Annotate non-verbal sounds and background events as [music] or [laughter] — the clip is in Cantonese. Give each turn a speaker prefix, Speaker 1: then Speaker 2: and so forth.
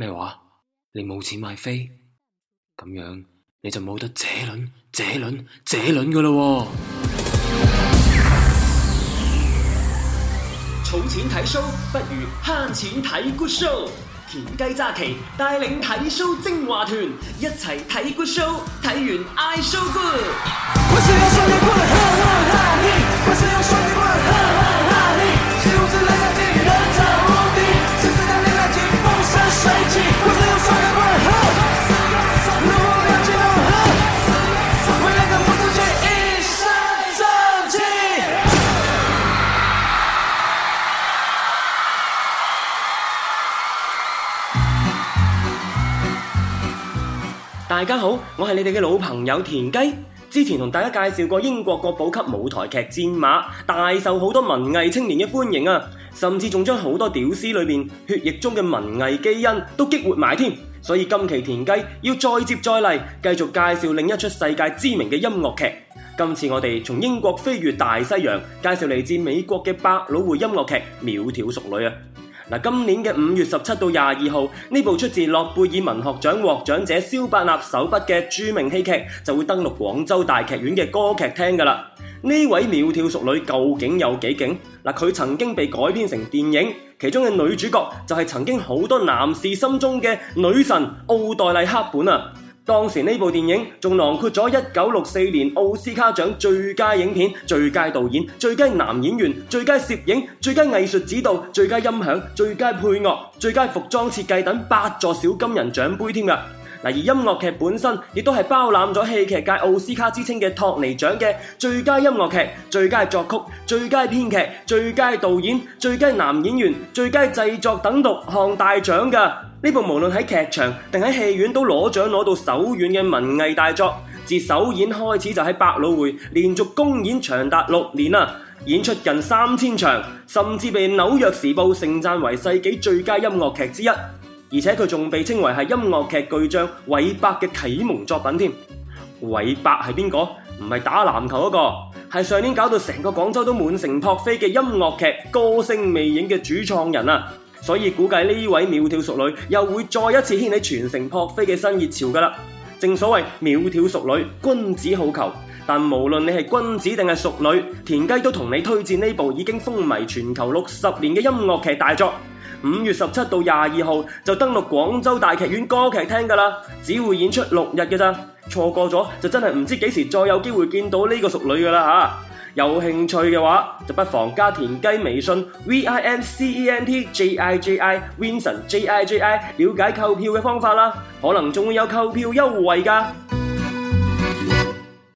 Speaker 1: 咩話？你冇錢買飛，咁樣你就冇得這輪、這輪、這輪噶啦！儲 [music] 錢睇 show 不如慳錢睇 good show，田雞揸旗帶領睇 show 精華團，一齊睇 good show，睇完 I show good。 [music] 大家好，我係你哋嘅老朋友田雞。之前同大家介紹過英國國寶級舞台劇《戰馬》，大受好多文藝青年嘅歡迎啊，甚至仲將好多屌絲裏面血液中嘅文藝基因都激活埋添。所以今期田雞要再接再厲，繼續介紹另一出世界知名嘅音樂劇。今次我哋從英國飛越大西洋，介紹嚟自美國嘅百老匯音樂劇《窈窕淑女》啊。今年嘅五月十七到廿二號，呢部出自諾貝爾文學獎獲獎者蕭伯納手筆嘅著名戲劇就會登陸廣州大劇院嘅歌劇廳㗎喇。呢位苗條淑女究竟有幾勁？嗱，佢曾經被改編成電影，其中嘅女主角就係曾經好多男士心中嘅女神奧黛麗赫本啊！當時呢部電影仲囊括咗一九六四年奧斯卡獎最佳影片、最佳導演、最佳男演員、最佳攝影、最佳藝術指導、最佳音響、最佳配樂、最佳服裝設計等八座小金人獎杯添㗎。而音樂劇本身亦都係包攬咗戲劇界奧斯卡之稱嘅托尼獎嘅最佳音樂劇、最佳作曲、最佳編劇、最佳導演、最佳男演員、最佳製作等六項大獎嘅。呢部無論喺劇場定喺戲院都攞獎攞到手軟嘅文藝大作，自首演開始就喺百老匯連續公演長達六年啦，演出近三千場，甚至被紐約時報盛讚為世紀最佳音樂劇之一。而且佢仲被稱為係音樂劇巨匠韋伯嘅啟蒙作品添。韋伯係邊個？唔係打籃球嗰個，係上年搞到成個廣州都滿城撲飛嘅音樂劇《歌聲魅影》嘅主創人啊！所以估計呢位窈窕淑女又會再一次掀起全城撲飛嘅新熱潮噶啦！正所謂窈窕淑女，君子好逑。但無論你係君子定係淑女，田雞都同你推薦呢部已經風靡全球六十年嘅音樂劇大作。五月十七到廿二號就登陸廣州大劇院歌劇廳㗎啦，只會演出六日㗎咋，錯過咗就真係唔知幾時再有機會見到呢個熟女㗎啦嚇！有興趣嘅話，就不妨加田雞微信 V I N C E N T J I J I，Vincent J I J I 了解購票嘅方法啦，可能仲會有購票優惠㗎。